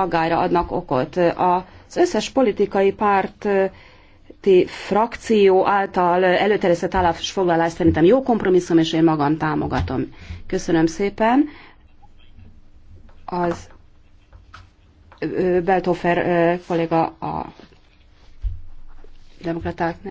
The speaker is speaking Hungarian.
aggályra adnak okot. Az összes politikai párt frakció által előterjesztett foglalás szerintem jó kompromisszum, és én magam támogatom. Köszönöm szépen. Az Beltofer kolléga a demokratáknak.